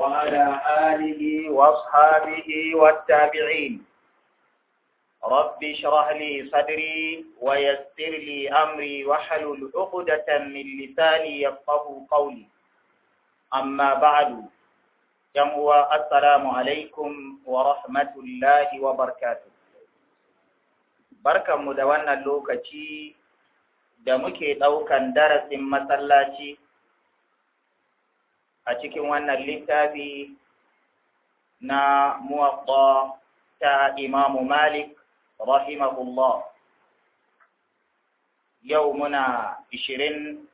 وعلى آله وأصحابه والتابعين رب اشرح لي صدري ويسر لي أمري واحلل عقدة من لساني يفقه قولي أما بعد جموع السلام عليكم ورحمة الله وبركاته barkanmu da wannan lokaci da muke ɗaukan darasin masallaci a cikin wannan littafi na muwatta ta imamu malik rahimahullah yau muna ishirin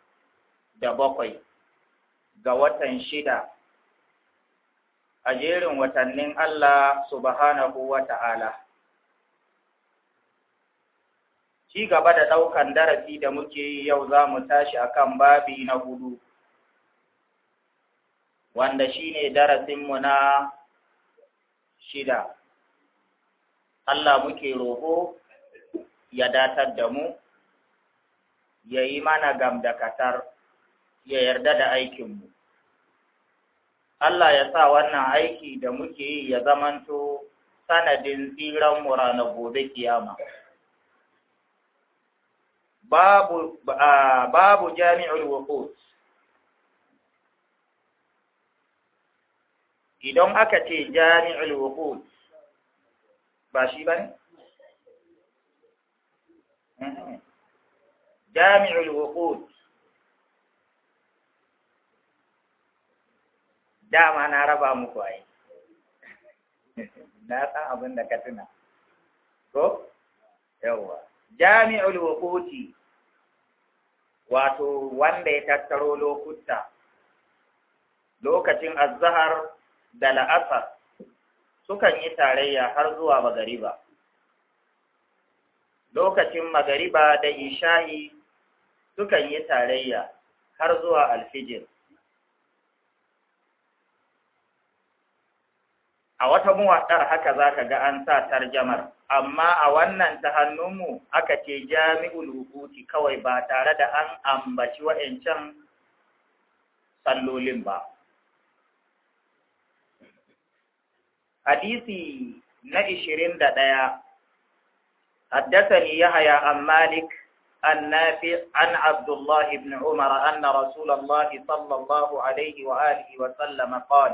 da bakwai ga watan shida a jerin watannin Allah subhanahu wa ta'ala. Ci gaba da ɗaukan darasi da muke yi yau za mu tashi akan babi na hudu. wanda shi shine darasinmu na shida Allah muke roƙo ya datar da mu ya yi mana katar, ya yarda da aikinmu Allah ya sa wannan aiki da muke yi ya zamanto sanadin mu rana gobe kiyama. Babu, babu jami'ul wuqut idan aka ce jami'ul wuqul ba shi ne? Mm-hmm. jami wuqul dama na raba muku ai na san abin da ka tuna ko yawwa jami'ul wuquti wato wanda ya tattaro lokuta lokacin azhar da la'asar sukan yi tarayya har zuwa magariba. Lokacin magariba da isha'i sukan yi tarayya har zuwa alfijir. A wata muwaɗar haka za ka ga an sa tarjamar, amma a wannan ta hannunmu aka ce jami'ul hukuti kawai ba tare da an ambaci wa'yancan sallolin ba. حديثي دا دا حدثني يحيى عن مالك النافع عن عبد الله بن عمر أن رسول الله صلى الله عليه وآله وسلم قال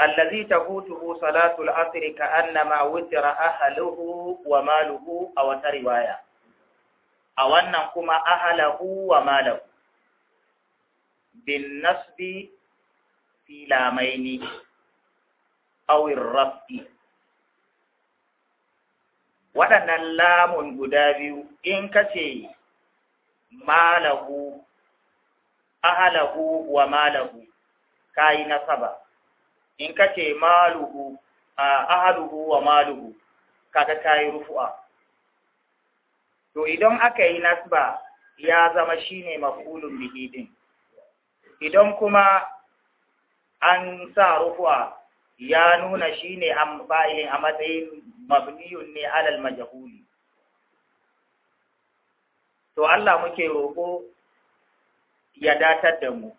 الذي تفوته صلاة العصر كأنما وتر أهله وماله أو ترواية أو أنكما أهله وماله بالنصب في لامينه awir rafi waɗannan lamun guda biyu in ka ce malahu ahalahu wa malahu ka yi nasaba in ka ce maluhu ahaluhu wa maluhu kaga ta yi rufu'a to idan aka yi nasaba ya zama shine maf'ulun bihidin idan kuma an sa rufu'a ya nuna shi ne fa'ilin a matsayin mabniyun ne alal majahuli. To Allah muke roƙo ya datar da mu.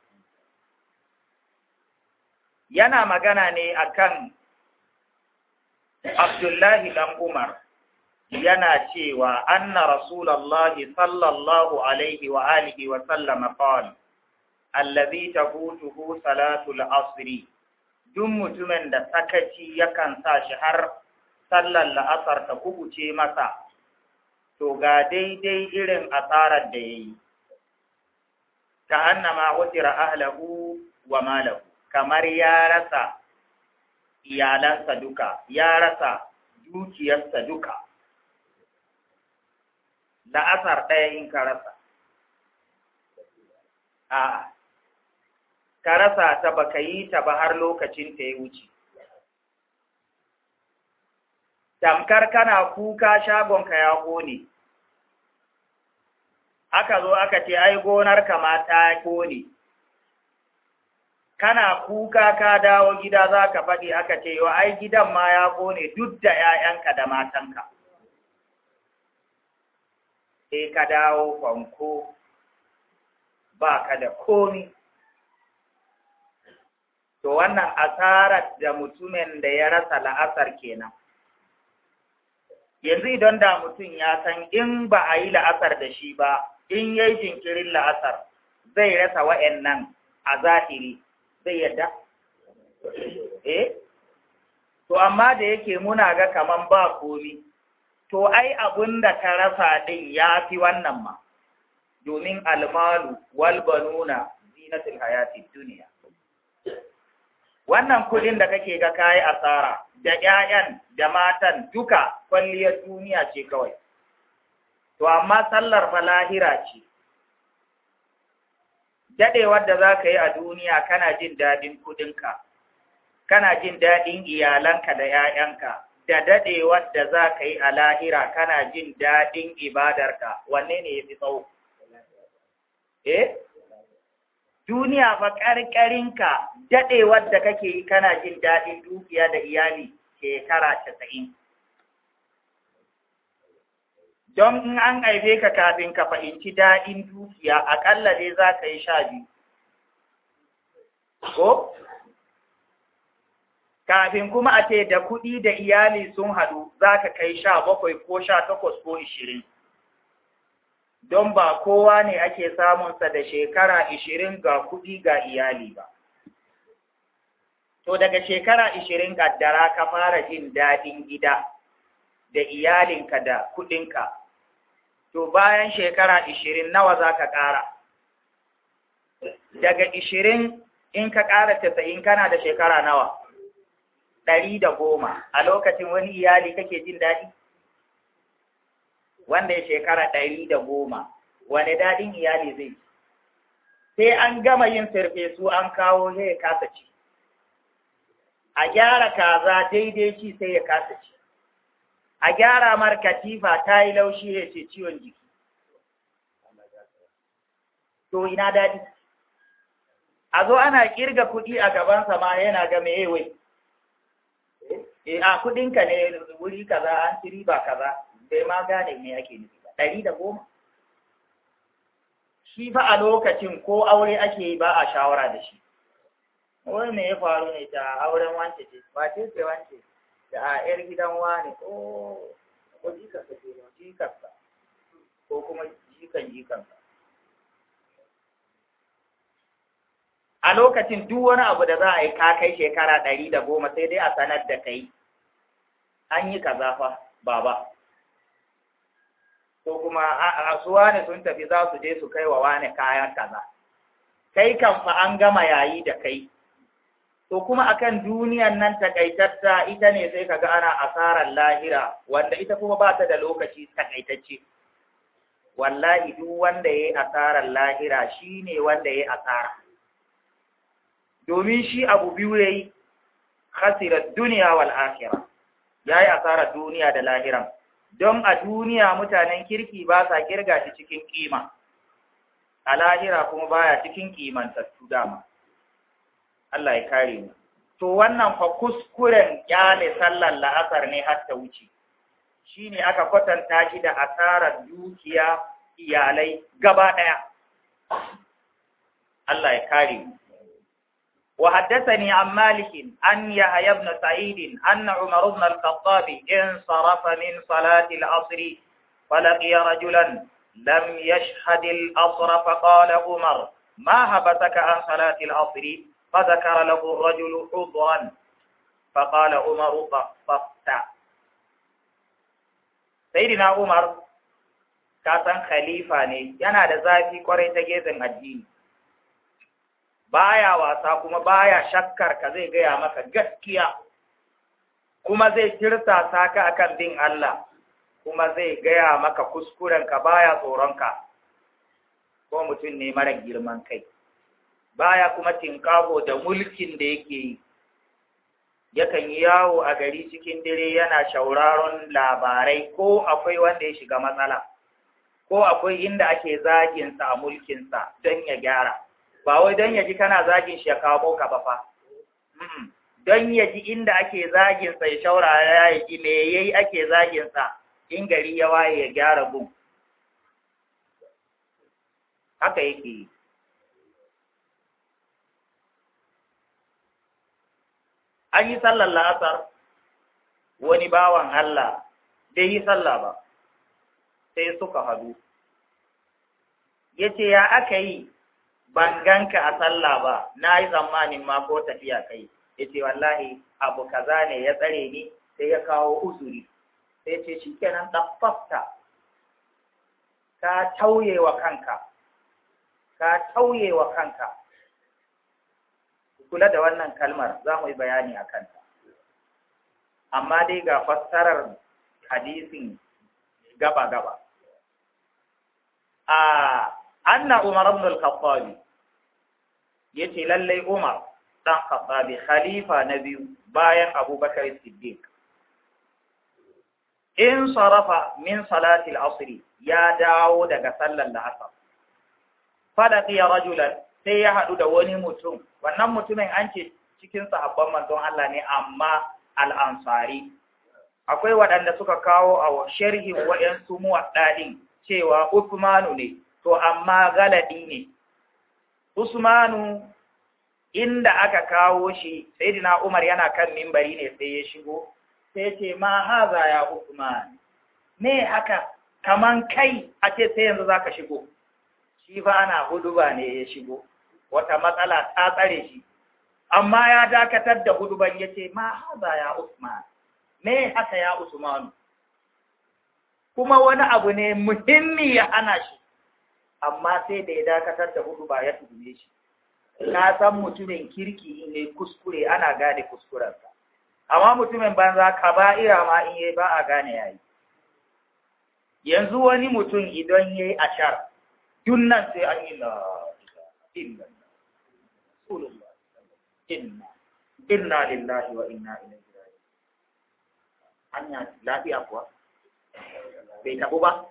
Yana magana ne kan. Abdullahi ɗan Umar yana cewa anna Rasulallahi sallallahu alaihi wa alihi wa sallama qala hutu tafutuhu salatul asri duk mutumin da sakaci yakan sa shi har sallar la'asar ta kubuce masa, to ga daidai irin asarar da ya yi, ka annama wutira ahlahu wa malahu, kamar ya rasa iyalansa duka, ya rasa dukiyarsa duka, la'asar ɗaya in ka rasa. A'a. ka rasa ta baka yi ta ba har lokacin ta ya wuce tamkar kana kuka shagonka ya gone. aka zo aka ce ai gonar ma ta gone. kana kuka ka dawo gida za ka faɗi aka ce yau ai gidan ma ya gone duk da 'ya'yanka da matanka sai ka dawo kwanko ba ka da komi to wannan asarar da mutumin da ya rasa la'asar kenan yanzu idan da mutum ya san in ba a yi la'asar da shi ba in yayi jinkirin la'asar zai rasa wa'annan a zahiri zai yadda eh to amma da yake muna ga kaman ba komi to ai abun da ka rasa din ya fi wannan ma domin almalu wal banuna zinatul hayatid duniya wannan kudin da kake ga kayi asara da ƴaƴan da matan duka kwalliyar duniya ce kawai to amma sallar fa lahira ce dadewar da za ka yi a duniya kana jin daɗin kudinka kana jin daɗin iyalanka da ‘ya'yanka da dadewar da za ka yi a lahira kana jin daɗin ibadarka wanne ne ya fi tsawo eh duniya fa ƙarƙarinka daɗewar da kake yi kana jin daɗin dukiya da iyali shekara casa'in don in an haife ka kafin ka fahimci daɗin dukiya aƙalla dai za ka yi sha biyu ko kafin kuma a ce da kuɗi da iyali sun haɗu za ka kai sha bakwai ko sha takwas ko ishirin don ba kowa ne ake samunsa da shekara ishirin ga kuɗi ga iyali ba. To daga shekara ishirin kaddara ka fara jin daɗin gida da iyalinka da kuɗinka, to bayan shekara ishirin nawa za ka ƙara? Daga ishirin in ka ƙara 90 kana da shekara nawa? Ɗari da goma, a lokacin wani iyali kake jin daɗi? wanda ya shekara ɗari da goma wane daɗin iyali zai sai an gama yin sarfesu an kawo sai ya kasa ci a gyara kaza daidai ci sai ya kasa ci a gyara markatifa ta yi laushi ya ce ciwon jiki to ina daɗi a zo ana kirga kuɗi a gabansa ma yana ga meye eh, eh, a kuɗinka ne wuri kaza an ci riba kaza bai ma gane me ake nufi ba ɗari da goma shi fa a lokacin ko aure ake yi ba a shawara da shi wani me ya faru ne ta auren wance ce ba ce ce wance da a yar gidan wane. Oh, ko ko jikarsa ce ba jikarsa ko kuma jikan jikansa a lokacin duk wani abu da za a yi ka kai shekara ɗari da goma sai dai a sanar da kai an yi kaza fa baba ko kuma a su wane sun tafi za su je su kai wa wane kayan kaza kai kan fa an gama yayi da kai to kuma akan duniyan nan takaitatta ita ne sai kaga ana asarar lahira wanda ita kuma ba ta da lokaci takaitacce wallahi duk wanda yayi asarar lahira shine wanda yayi asara domin shi abu biyu yayi khasirat dunya wal akhirah yayi asarar duniya da lahiran don a duniya mutanen kirki ba sa kirga shi cikin kima a lahira kuma baya cikin kimantattu dama Allah ya kare mu to wannan fa kuskuren kyale sallar la'asar ne har ta wuce shine aka kwatanta shi da asarar dukiya iyalai gaba ɗaya Allah ya kare mu وحدثني عن مالك أن يحيى بن سعيد أن عمر بن الخطاب انصرف من صلاة العصر فلقي رجلا لم يشهد العصر فقال عمر ما هبتك عن صلاة العصر فذكر له الرجل حضرا فقال عمر فافتع سيدنا عمر كان خليفة يعني هذا da zafi kwarai ta gefen baya wasa kuma baya shakkar ka zai gaya maka gaskiya kuma zai tirsasa ka akan bin Allah kuma zai gaya maka kuskuren ka baya tsoronka ko mutum ne mara girman kai baya kuma tinkaho da mulkin da yake yi yakan yi yawo a gari cikin dare yana shauraron labarai ko akwai wanda ya shiga matsala ko akwai inda ake zaginsa a mulkinsa don ya gyara ba wai don ya ji kana zagin shi ya kawo ba fa don yaji inda ake zagin sa ya shaura ya ki me yayi ake zagin sa in gari ya waye ya gyara gun haka yake yi an yi sallar la'asar wani bawan Allah bai yi sallah ba sai suka hadu ya ce ya aka yi ban ganka a sallah ba na yi tsammanin ma ko tafiya kai yace wallahi abu kaza ne ya tsare ni sai ya kawo uzuri sai ce shikenan taffafta ka tauye wa kanka ka tauye wa kanka kula da wannan kalmar za mu yi bayani a kanta amma dai ga fassarar hadisin gaba-gaba a anna umar ibn al-khattabi yace lallai Umar dan Khattab khalifa na biyu bayan Abubakar Siddiq in sarafa min salati al-asr ya dawo daga sallar al-asr ya rajulan sai ya hadu da wani mutum wannan mutumin an ce cikin sahabban manzon Allah ne amma al-ansari akwai waɗanda suka kawo a sharhin waɗansu muwaɗaɗin cewa Usmanu ne, to amma galadi ne, Usmanu inda aka kawo shi sayyidina Umar yana kan mimbari ne sai ya shigo sai ce ma haza ya Usman me haka kaman kai a ce sai yanzu zaka shigo shi fa ana huduba ne ya shigo wata matsala ta tsare shi amma ya dakatar da huduban yace ma haza ya Usman me haka ya Usmanu kuma wani abu ne muhimmi ya ana shi amma sai da ya dakatar da hudu ba ya tuhume shi na san mutumin kirki in yi kuskure ana gane kuskurensa amma mutumin banza ira ma in yi ba a gane yayi yanzu wani mutum idan yayi ashar nan sai an yi na inna inna lillahi wa inna ilaihi raji'un anya lafiya kuwa bai tabu ba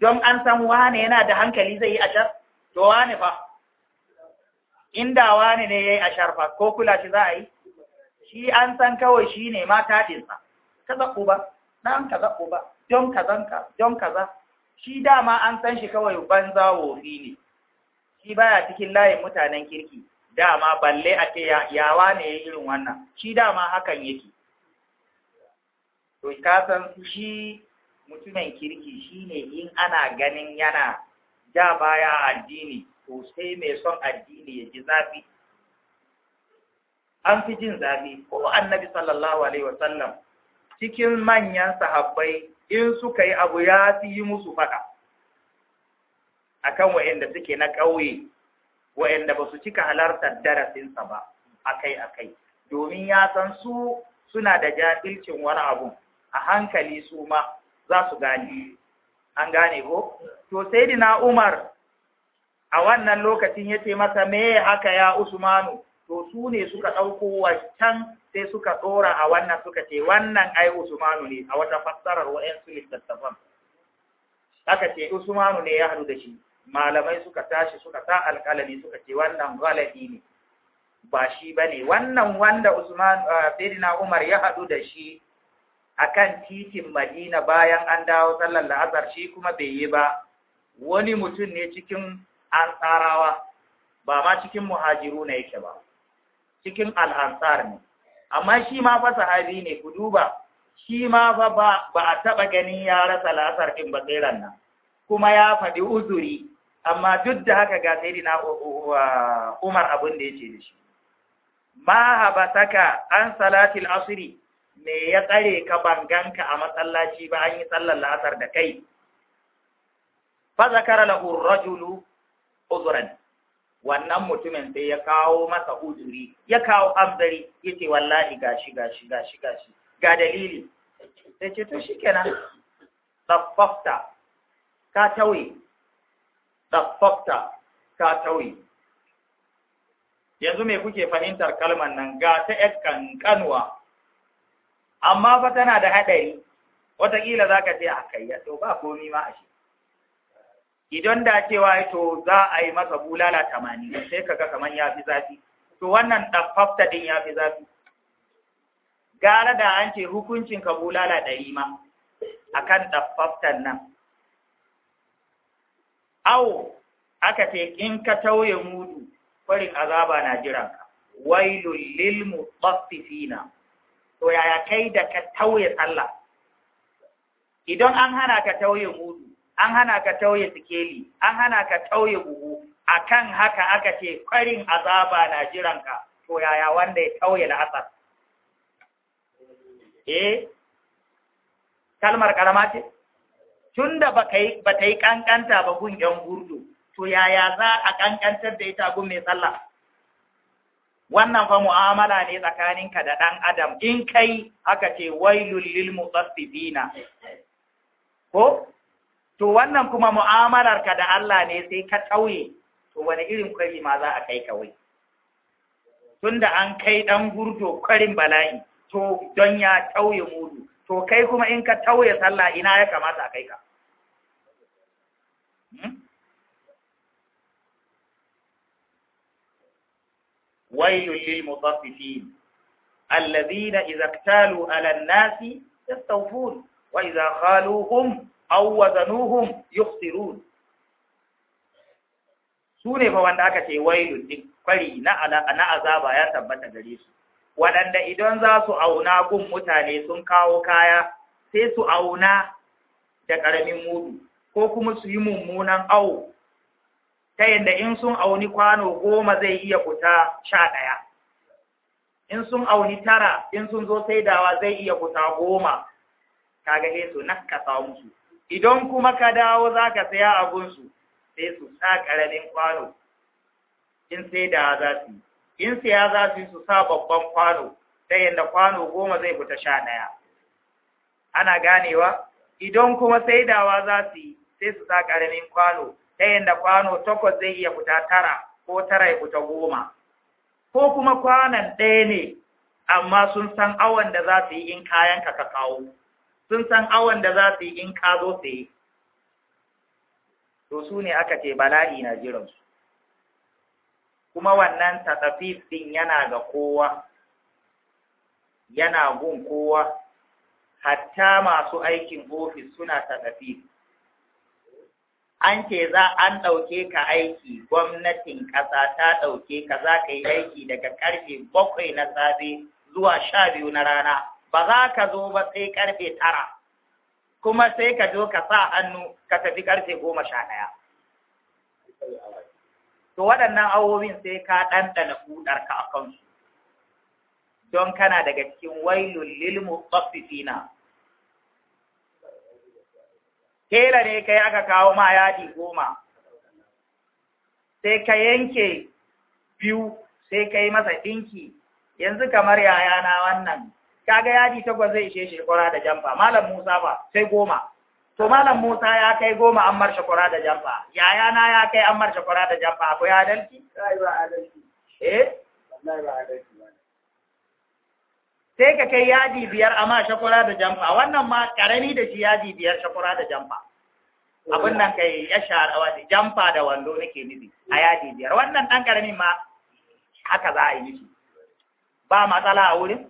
don an san wane yana da hankali zai yi ashar to wane fa inda wane ne yayi ashar fa ko kula shi za a yi shi an san kawai shi ne ma tadin sa kaza uba nan kaza ba. don ka. don kaza shi dama an san shi kawai banza wofi ne shi baya cikin layin mutanen kirki dama balle a ce yawa ne ya irin wannan shi dama hakan yake to ka san shi mutumin kirki shine in ana ganin yana ja baya addini to sai mai son addini ya ji zafi an fi jin zafi ko annabi sallallahu alaihi wasallam cikin manyan sahabbai in suka yi abu ya fi yi musu faɗa A akan waɗanda suke na ƙauye wayanda ba su cika halartar darasinsa ba akai kai domin ya san su suna da jahilcin wani abu a hankali su ma za su gani an gane ko to sayyidina Umar a wannan lokacin yace masa me haka ya Usmanu to su ne suka ɗauko wancan sai suka ɗora a wannan suka ce wannan ai Usmanu ne a wata fassarar wa'yansu littattafan. Aka ce Usmanu ne ya haɗu da shi, malamai suka tashi suka sa alƙalami suka ce wannan galadi ne, ba shi ba ne, wannan wanda Usman Firina eh, Umar ya haɗu da shi akan titin Madina bayan an dawo sallar la'asar shi kuma bai yi ba wani mutum ne cikin ansarawa ba ma cikin muhajiru na yake ba cikin al'ansar ne amma shi ma fa sahabi ne ku duba shi ma fa ba a taɓa ganin ya rasa la'asar ɗin ba tseren nan kuma ya faɗi uzuri amma duk da haka ga sai na umar abin da ya da shi ma saka an salatil asiri me ya tsare ka banganka a masallaci ba an yi sallar la'asar da kai fa zakara lahu rajulu uzran wannan mutumin sai ya kawo masa uzuri ya kawo abdari yace wallahi gashi gashi gashi gashi ga dalili sai ce to shikenan tsaffafta ka tauye tsaffafta ka tauye yanzu me kuke fahimtar kalmar nan ga ta ƴan kankanwa amma fa tana da haɗari wataƙila za ka ce a kayya to ba komi ma a shi idan da cewa to za a yi masa bulala tamanin sai kaga kamar ya fi zafi to wannan ɗaffafta din ya fi zafi gara da an ce hukuncin ka bulala ɗari ma a kan ɗaffaftan nan awo aka ce in ka tauye mudu farin azaba na jiranka wailul lil mutaffifina to yaya kai da ka tauye sallah idan an hana ka tauye mudu an hana ka tauye sikeli an hana ka tauye buhu akan haka aka ce kwarin azaba na jiranka to yaya wanda ya tauye la'asar eh kalmar karama ce tunda ba yi bata yi kankanta ba gun yan gurdu to yaya za a kankantar da ita gun mai sallah wannan fa mu'amala ne tsakanin ka da ɗan adam in kai aka ce wailul lil mutaffifina ko to wannan kuma mu'amalar ka da Allah ne sai ka tauye to wani irin kwari ma za a kai kawai tunda an kai dan gurdo kwarin bala'i to don ya tauye mudu to kai kuma in ka tauye sallah ina ya kamata a kai ka ويل للمطففين الذين إذا اكتالوا nasi. الناس يستوفون وإذا خالوهم أو وزنوهم يخسرون sune fa wanda aka ce wailun din kwari na na azaba ya tabbata gare su waɗanda idan za su auna gun mutane sun kawo kaya sai su auna da ƙaramin mudu ko kuma su yi mummunan awo ta yadda in sun auni kwano goma zai iya fita sha ɗaya in sun auni tara in sun zo saidawa zai iya fita goma Ka sai su kasa musu idan kuma ka dawo za ka saya abunsu sai su sa ƙaramin kwano in saidawa za su yi in saya za su yi su sa babban kwano ta yadda kwano goma zai fita sha ɗaya ana ganewa idan kuma saidawa za su yi sai su sa ƙaramin kwano ta yadda kwano takwas zai iya fita tara ko tara ya fita goma ko kuma kwanan ɗaya ne amma sun san awon da za su yi in kayan ka kawo sun san awon da za su yi in ka zo su yi to su ne aka ce bala'i na jiransu kuma wannan tatafif ɗin yana ga kowa yana gun kowa hatta masu aikin ofis suna tatafif an ce za an ɗauke ka aiki gwamnatin ƙasa ta ɗauke ka za ka yi aiki daga ƙarfe bakwai na safe zuwa sha biyu na rana ba za ka zo ba sai ƙarfe tara kuma sai ka zo ka sa hannu ka tafi ƙarfe goma sha ɗaya to waɗannan awowin sai ka ɗanɗana ka a kansu don kana daga cikin wailul lil mutaffifina kela ne kai aka kawo ma yadi goma sai ka yanke biyu sai ka yi masa ɗinki yanzu kamar yaya na wannan kaga yadi takwas zai ishe shekura da jamfa malam musa ba sai goma to malam musa ya kai goma an mar shekura da jamfa yaya na ya kai an mar shekura da jamfa akwai adalci eh wallahi ba adalci sai ka kai yadi biyar amma shakura da jamfa wannan ma karami da shi yadi biyar shakura da jamfa abin nan kai ya sharawa da jamfa da wando nake nufi a yadi biyar wannan dan karamin ma haka za a yi nufi ba matsala a wurin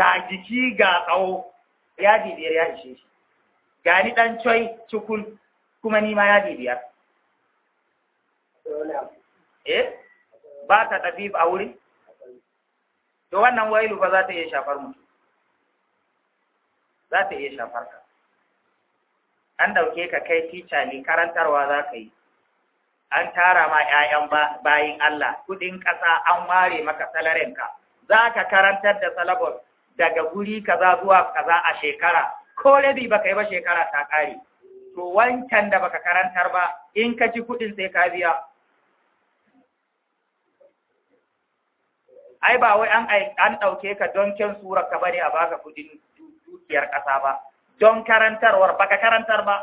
ga jiki ga tsawo yadi biyar ya ishe shi ga ni dan coi, cikul kuma ni ma yadi biyar eh ba ta tafi a wurin to wannan wailu ba za ta iya shafar mutum za ta iya shafar ka an dauke ka kai tica ne karantarwa za ka yi an tara ma 'ya'yan bayin Allah kuɗin ƙasa an ware maka salarinka za ka karantar da salabon daga guri kaza zuwa kaza a shekara ko rabi ka yi ba shekara ta ƙare to wancan da baka karantar ba in ka ci kuɗin sai ka biya ai ba wai an an dauke ka don kyan surar ka bane a baka kudin dukiyar kasa ba don karantarwar baka karantar ba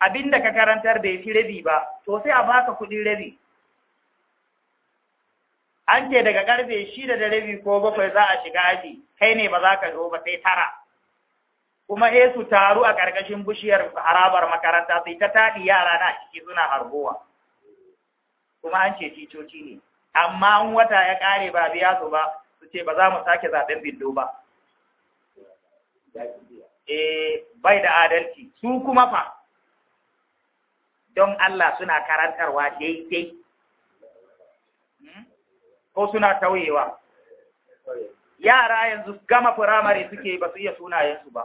abinda ka karantar bai fi rabi ba to sai a baka kudin rabi an ce daga karfe shida da rabi ko bakwai za a shiga aji kai ne ba za ka zo ba sai tara kuma eh su taru a karkashin bishiyar harabar makaranta sai ta taɗi yara na ciki suna harbowa kuma an ce ticoci ne amma an wata ya ƙare ba biya su ba su ce ba za mu sake zaben bindo ba e bai da adalci su kuma fa don Allah suna karantarwa daidai hmm? ko suna tauyewa yara yanzu gama firamare suke ba su iya sunayensu ba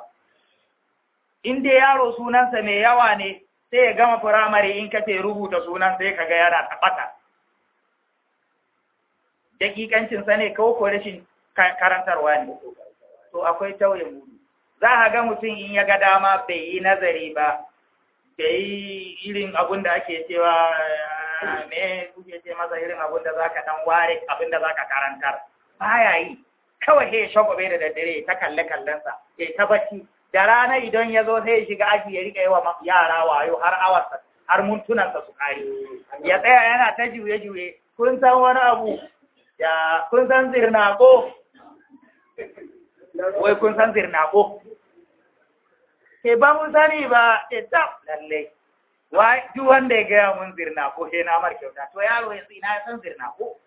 in dai yaro sunansa mai yawa ne sai ya gama firamare in kace rubuta sunan sai kaga yana tabata dakikancin sa ne ko ko rashin karantarwa ne to akwai tauye mudu za a ga mutum in ya ga dama bai yi nazari ba bai yi irin abun da ake cewa ah, me kuke ce masa irin abun da zaka dan ware abin da zaka karantar baya yi kawai sai bai da daddare ta kalle kallensa sai ta bacci da rana idan ya zo sai ya shiga aji ya rika yi wa yara wayo har awarsa har muntunansa su kare ya tsaya yana ta juye juye kun san wani abu ya kun san ko? wai kun san ko? ke ba mun sani ba e, ta. lallai wai ju wanda ya gaya mun ko he na mar kyauta to yaro ya tsina ya san ko?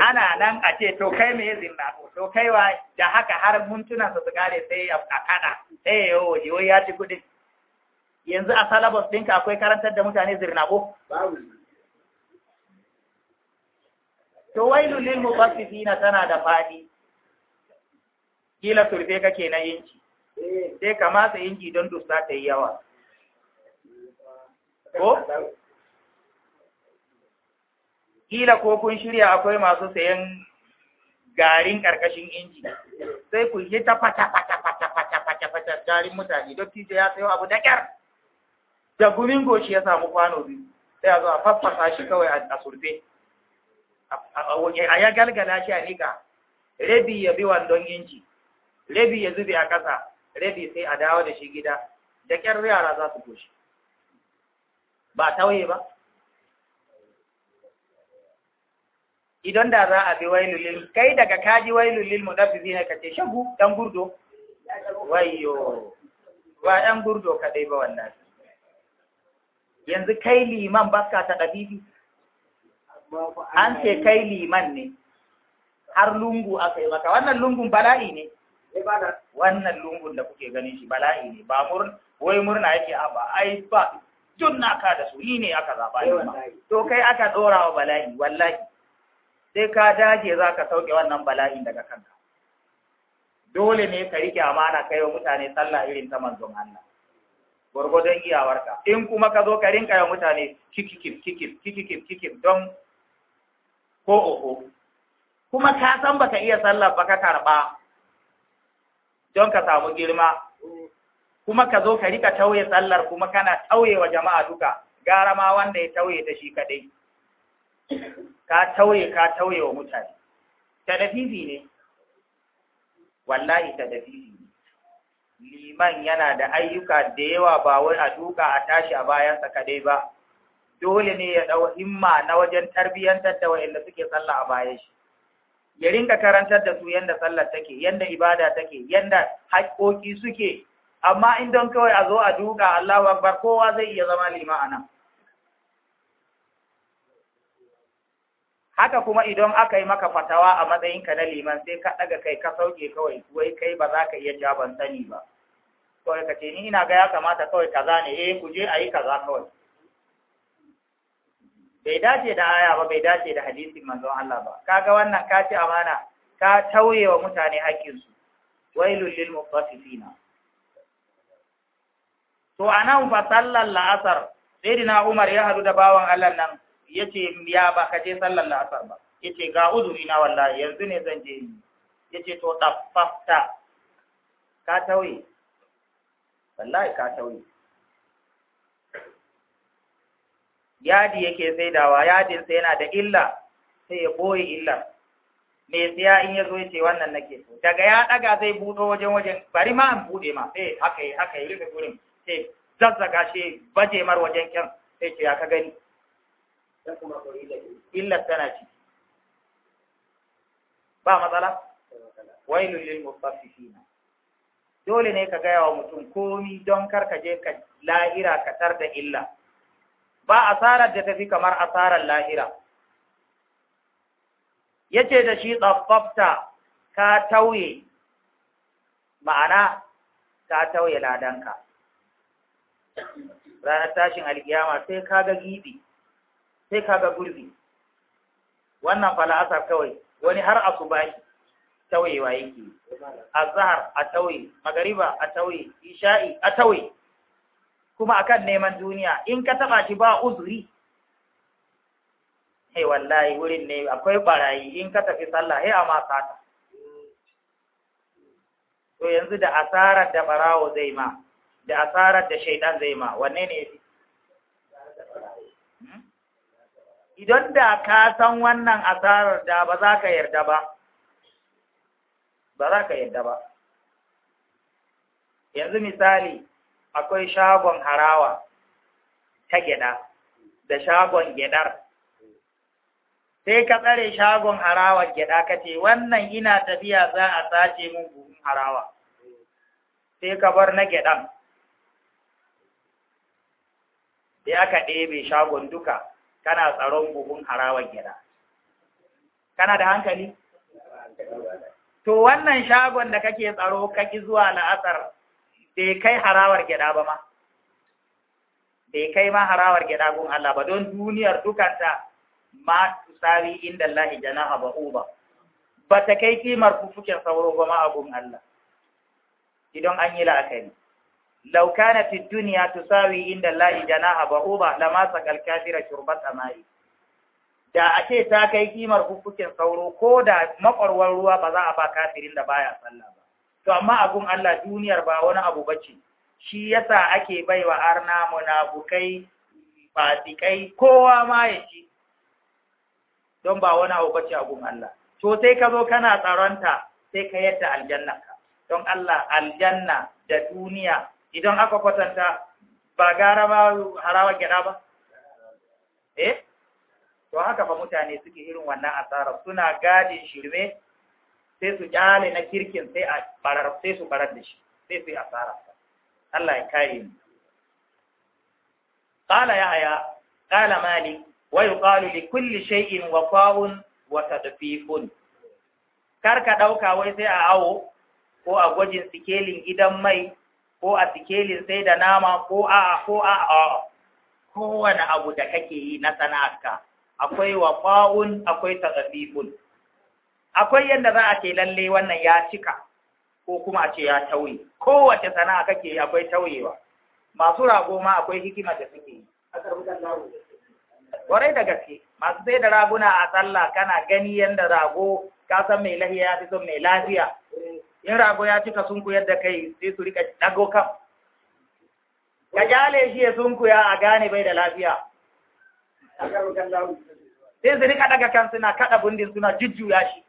ana nan a ce to kai me ya ko? to kai wa da haka har muntunan su kare sai a kada sai ya yi wai ya ci kudin yanzu a salabas ɗinka akwai karantar da mutane zirna babu to wailu lil mubassifina tana da fadi kila surfe kake na inci eh. sai ka matsa inji don dusta ta yi yawa ko kila ko kun shirya akwai masu sayan garin karkashin inji sai ku yi ta fata fata fata fata fata fata garin mutane don tije ya sayo abu da kyar da gumin goshi ya samu kwano biyu sai a zo a faffasa shi kawai a surfe a ya galgala shi a nika rabi ya bi wandon inji rabi ya zube a ƙasa rabi sai a dawo da shi gida da ƙyar yara za su goshi ba tauye ba idan da za a bi wailulil kai daga kaji wailulil mudabbibi ne kace shagu dan gurdo wayyo ba yan gurdo kadai ba wannan. yanzu kai liman baka ta dabibi an ce kai liman ne har lungu aka yi maka wannan lungun bala'i ne wannan lungun da kuke ganin shi bala'i ne ba mur wai murna yake a ba ai ba tun naka da su ni ne aka zaba ni to kai aka dora wa bala'i wallahi sai ka dage za ka sauke wannan bala'in daga kanka dole ne ka rike amana kai wa mutane sallah irin ta manzon Allah gwargwadon iyawarka in kuma ka zo ka rinka wa mutane kikikif kikif kikikif kikif don ko oho kuma ka san baka iya sallar ba ka karɓa don ka samu girma kuma ka zo ka rika tauye sallar kuma kana tauye wa jama'a duka gara ma wanda ya tauye ta shi kadai ka tauye ka tauye wa mutane tadafifi ne wallahi tadafifi ne liman yana da ayyuka da yawa ba wai a duka a tashi a bayansa kadai ba dole ne ya ɗau himma na wajen tarbiyyantar da wayanda suke sallah a baya shi ya rinka karantar da su yanda sallar take yanda ibada take yanda haƙoƙi suke amma in don kawai a zo a duka Allahu akbar kowa zai iya zama lima nan. haka kuma idan aka yi maka fatawa a matsayinka na liman sai ka ɗaga kai ka sauke kawai wai kai ba za ka iya jaban sani ba kawai ka ce ni ina ga ya kamata kawai kaza ne eh ku je a yi kaza kawai bai dace da aya ba bai dace da hadisin manzon Allah ba kaga wannan ka ci amana ka tauye wa mutane haƙƙinsu wailul lil mutaffifina to anan fa sallar la'asar sayyidina Umar ya hadu da bawan Allah nan yace ya ba ka je sallar la'asar ba yace ga uzuri na wallahi yanzu ne zan je yace to tafafta ka tauye wallahi ka tauye yadi yake saidawa sai yana da illa sai ya boye illa me siya in ya zo ya ce wannan nake so daga ya daga zai buɗo wajen wajen bari ma an buɗe ma sai haka yi haka yi rufe gurin sai zazzaga shi baje mar wajen kyan sai ce ya ka gani ko illar tana ci ba matsala wailu lil mutaffifina dole ne ka gaya wa mutum komi don kar ka je ka lahira ka tar da illa ba asarar da tafi kamar asarar lahira yace da shi tsaffafta ka tauye ma'ana ka tauye ladanka ranar tashin alkiyama sai ka ga gibi sai ka ga gurbi wannan fala'asar kawai wani har bashi tauyewa yake azhar a tauye magariba a tauye isha'i a tauye kuma akan neman duniya in ka taba shi ba uzuri hey wallahi wurin ne akwai barayi in ka tafi sallah he amma sata to yanzu da asarar da barawo zai ma da asarar da shaidan zai ma wanne ne hmm? idan da ka san wannan asarar da ba za ka yarda ba ba za ka yarda ba yanzu misali akwai shagon harawa ta gyaɗa da shagon gyaɗar. Sai ka tsare shagon harawa gyaɗa ka ce, wannan ina tafiya za a sace mun buhun harawa. Sai ka bar na gyaɗan. Sai aka ɗebe shagon duka, kana tsaron buhun harawa gyaɗa. Kana da hankali? To wannan shagon da kake tsaro kaki zuwa la'asar bai kai harawar gyaɗa ba ma bai kai ma harawar gyaɗa gun Allah ba don duniyar dukanta ma tusawi inda Allah jana a ba'u ba ta kai kimar fufukin sauro ba ma abun Allah idan an yi la'akari لو inda Allah تساوي عند الله ba. بعوضة لما سقى الكافر شربة ماء da a ce ta kai kimar hukukin sauro ko da makwarwar ruwa ba za a ba kafirin da baya sallah ba to amma abun Allah duniyar ba wani abu bace shi yasa ake baiwa arna munafukai fasikai kowa ma ya ci don ba wani abu bace abun Allah to sai ka zo kana tsaronta sai ka yadda aljanna ka don Allah aljanna da duniya idan aka kwatanta ba gara ba harawa gida ba eh to haka fa mutane suke irin wannan asara suna gadin shirme sai su kyale na kirkin sai a barar sai su barar da shi sai su yi asara Allah ya kare ni qala ya aya qala mali. wa yuqalu li kulli shay'in waqa'un wa tadfifun kar ka dauka wai sai a awo ko a gwajin sikelin gidan mai ko a sikelin sai da nama ko a ko a wani abu da kake yi na sana'arka akwai waqa'un akwai tadfifun akwai yadda za a ce lalle wannan ya cika ko kuma a ce ya tauye kowace sana'a kake akwai tauyewa masu rago ma akwai hikima da suke yi kwarai da gaske masu sai da raguna a sallah kana gani yadda rago ka san mai lahiya ya fi son mai lafiya in rago ya cika sunku yadda kai sai su rika dago kam ka kyale shi ya ya a gane bai da lafiya sai su rika daga kan suna kada bundin suna jujjuya shi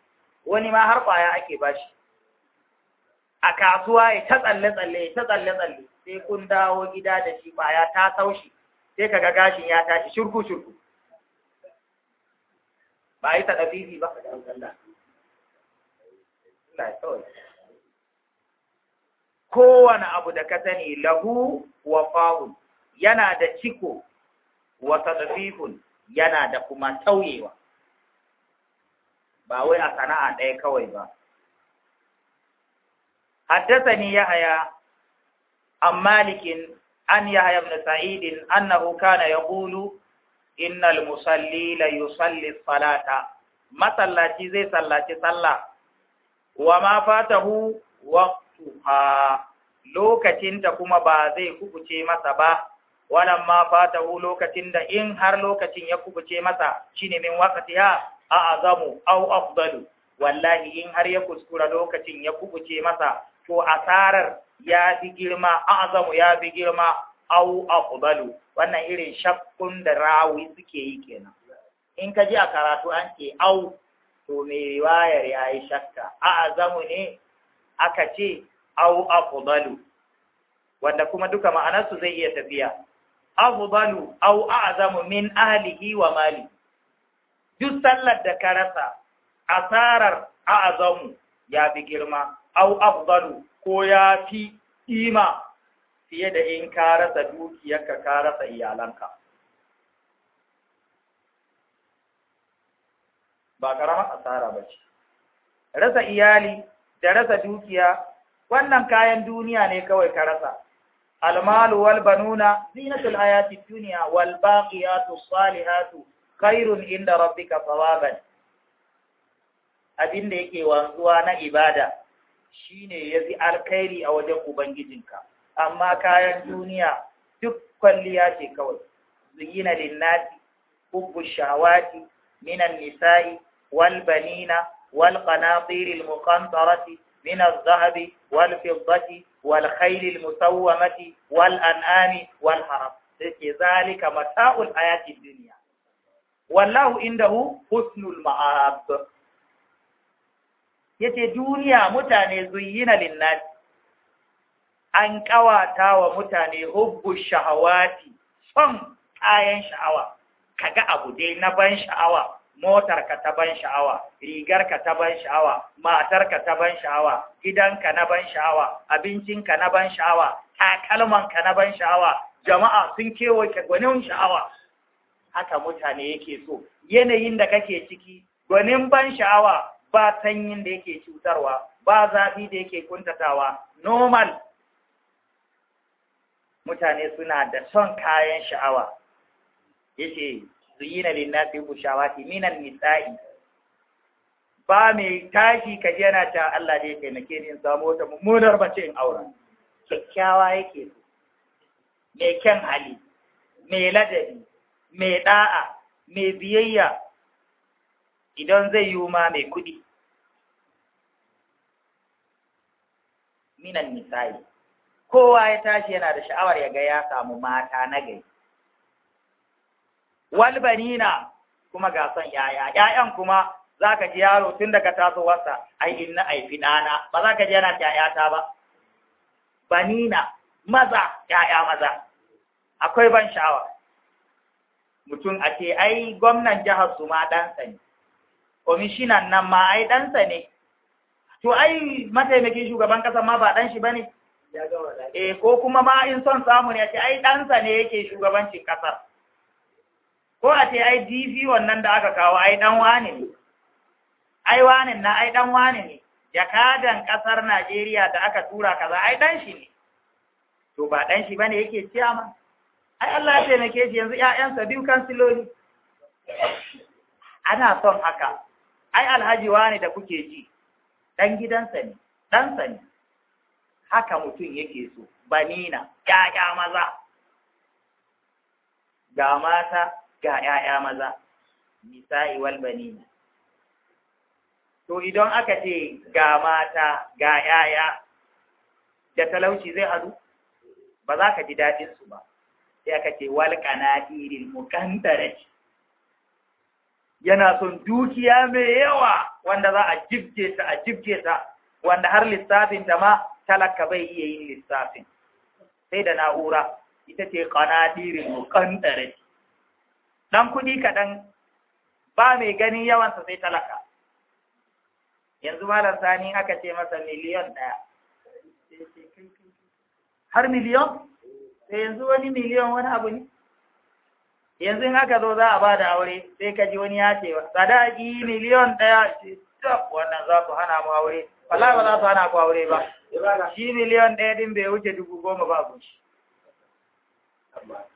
wani ma har ƙwaya ake bashi a kasuwa ya ta tsalle-tsalle ya ta tsalle-tsalle sai kun dawo gida da shi ƙwaya ta saushi sai kaga gashin ya tashi shirku-shirku. ba a yi ta ɗafifi ba kowane abu da ka sani lahu wa fahun yana da ciko wa tadfifun yana da kuma tauyewa ba wai a sana'a ɗaya kawai ba ya haya, يحيى عن an عن يحيى بن سعيد ya كان Innal, Musalli, المصلي ليصلي salata, masallaci zai sallaci sallah wa ma fatahu waqtuha lokacin ta kuma ba zai kubuce masa ba wannan ma fatahu lokacin da in har lokacin ya kubuce masa ne min waqtiha a'zamu Au afdalu wallahi in har ya kuskura lokacin ya kubuce masa to asarar ya fi girma a'zamu ya fi girma Au afdalu wannan irin shakkun da rawi suke yi kenan in ka ji a karatu an ce au to me riwayar ya yi shakka a'zamu ne aka ce au afdalu wanda kuma duka ma'anarsu zai iya tafiya afdalu au a'zamu min ahlihi wa mali duk sallar da ka rasa asarar a azamu ya fi girma au afdalu ko ya fi ima fiye da in ka rasa dukiyarka ka rasa iyalanka ba karamar asara ba ce rasa iyali da rasa dukiya wannan kayan duniya ne kawai ka rasa almalu wal banuna zinatul hayati duniya wal baqiyatu salihatu khairun inda rabbika thawaban abinda yake wanzuwa na ibada shine yazi alkhairi a wajen ubangijinka amma kayan duniya duk kwalliya ce kawai zuyina linnati hubbu shawati minan nisa'i wal banina wal qanatiril muqantarati من الذهب wal an'ami المسومة والأنعام والحرم ذلك متاع الحياة الدنيا wallahu indahu husnul ma'ab yace duniya mutane zuyyina linnat an kawata wa mutane hubbu shahawati son kayan sha'awa kaga abu dai na ban sha'awa motarka ta ban sha'awa rigarka ta ban sha'awa matarka ta ban sha'awa gidanka na ban sha'awa ka na ban sha'awa ka na ban sha'awa jama'a sun kewaye gwanin sha'awa haka mutane yake so yanayin da kake ciki gwanin ban sha'awa ba sanyin da yake cutarwa ba zafi da yake kuntatawa normal mutane suna da son kayan sha'awa yace zuyina linnasi bu minan nisa'i ba mai tashi ka yana ta Allah da ya taimake ni samu wata mummunar bacin in aura kyakkyawa yake so mai kyan hali mai ladabi mai ɗa'a mai biyayya idan zai yi ma mai kuɗi minan misali kowa ya tashi yana da sha'awar ya ga ya samu mata na gari walbanina kuma ga son yaya yayan kuma za ka ji yaro tun daga wasa, ai in na aifi ɗana ba za ka ji yana yayata ba banina maza yaya maza akwai ban sha'awa mutum a ce ai gwamnan jihar su ma ɗansa ne kwamishinan nan ma ai ɗansa ne to ai mataimakin shugaban ƙasa ma ba ɗan shi ba ne eh ko kuma ma in son samu ne a ce ai ɗansa ne yake shugabancin ƙasar ko a ce ai dv wannan da aka kawo ai ɗan wane ne ai wane na ai ɗan wane ne jakadan ƙasar najeriya da aka tura kaza ai ɗanshi ne to ba ɗanshi ba ne yake ciyama ai Allah ya taimake shi yanzu ƴaƴansa biyu kansiloli ana son haka ai alhaji wani da kuke ji dan gidansa ne ɗansa ne haka mutum yake so banina ƴaƴa maza ga mata ga ƴaƴa maza nisa'i wal banina to idan aka ce ga mata ga ƴaƴa da talauci zai hadu ba za ka ji daɗinsu ba sai aka ce wal mu kantare. yana son dukiya mai yawa wanda za a jibge ta a jibge ta wanda har lissafin ta ma talaka bai iya yin lissafin sai da na'ura ita ce mu kantare. dan kudi kadan ba mai gani yawansa sai talaka yanzu malam sani aka ce masa miliyon ɗaya har miliyon to yanzu wani miliyon wani abu ne yanzu in aka zo za a bada aure sai ka ji wani ya ce ki miliyon ɗaya wannan za ku hana mu aure wala ba za su hana ku aure ba shi miliyon ɗaya din bai wuce dubu goma ba ku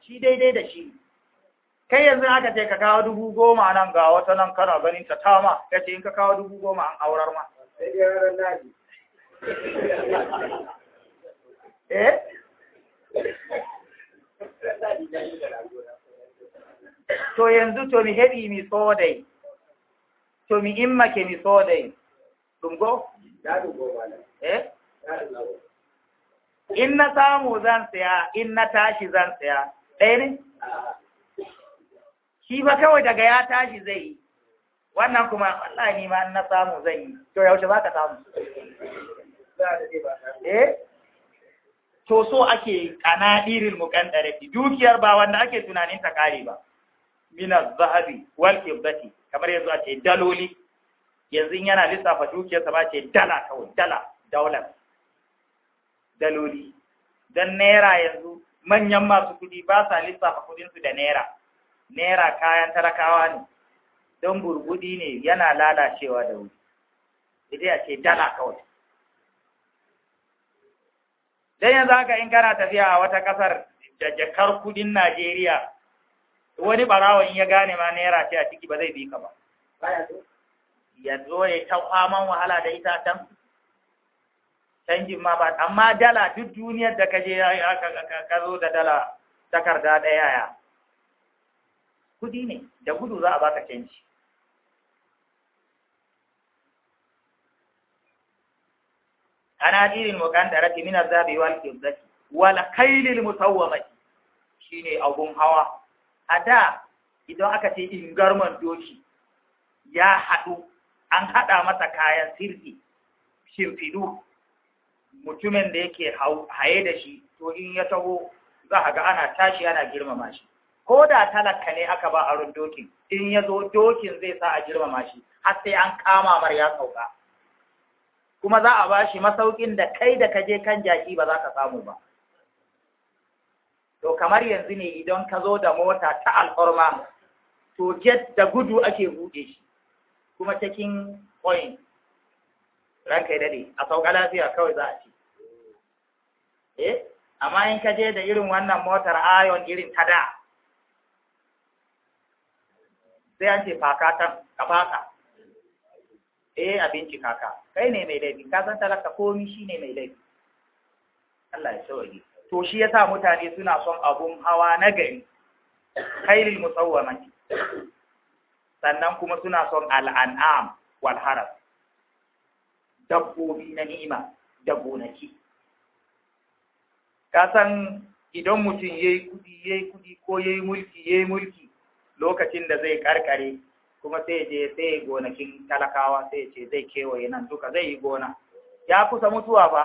shi daidai da shi kai yanzu aka ce ka kawo dubu goma nan ga wata nan kana ganin ta ma ka ce in ka kawo dubu goma an aurar ma eh to yanzu to mi heɓi mi sodai, to mi immake mi soodai ɗum go eh in na samu zan saya in na tashi zan saya ɗaya ne shi ba kawai daga ya tashi zai yi wannan kuma wallahi ma in na samu zan yi to yaushe za ka samu eh to so ake kana irin muqaddarati dukiyar ba wanda ake tunanin ta kare ba min az-zahabi wal fiddati kamar yanzu a daloli yanzu yana lissafa dukiyar sa ba ce dala kawai dala daular daloli dan naira yanzu manyan masu kudi ba sa lissafa kudin su da naira naira kayan tarakawa ne don burgudi ne yana lalacewa da wuri idai a ce dala kawai dan yanzu haka in kana tafiya a wata kasar da jakar kudin Najeriya wani barawon ya gane ma naira ce a ciki ba zai bi ka ba yanzu ya ta kwaman wahala da ita can canjin ma ba amma dala duk duniyar da kaje ka zo da dala takarda ɗaya ya kudi ne da gudu za a baka canji qanadir al-muqaddara min az-zabi wal kibdati wal khayl al shine abun hawa a da idan aka ce ingarman doki ya haɗu an haɗa masa kayan sirri shimfidu mutumin da yake haye da shi to in ya taho za a ga ana tashi ana girmama shi ko da talaka ne aka ba a dokin in ya zo dokin zai sa a girmama shi har sai an kama mar ya sauka kuma za a ba shi masaukin da kai da kaje kan jaki ba za ka samu ba to kamar yanzu ne idan ka zo da mota ta alfarma to jet da gudu ake buɗe shi kuma cikin coin ranka ya dade a sauƙa lafiya kawai za a ci eh amma in ka je da irin wannan motar ayon irin ta da sai an ce fakatan ka faka eh a kaka. kai ne mai laifi ka san talaka komi shi ne mai laifi Allah ya sauke to shi yasa mutane suna son abun hawa na gari khairul musawwamati sannan kuma suna son al'an'am wal dabbobi na ni'ima da gonaki ka san idan mutum yayi kudi yayi kudi ko yayi mulki yayi mulki lokacin da zai karkare kuma sai je sai gonakin talakawa sai ce zai kewaye nan duka zai yi gona ya kusa mutuwa ba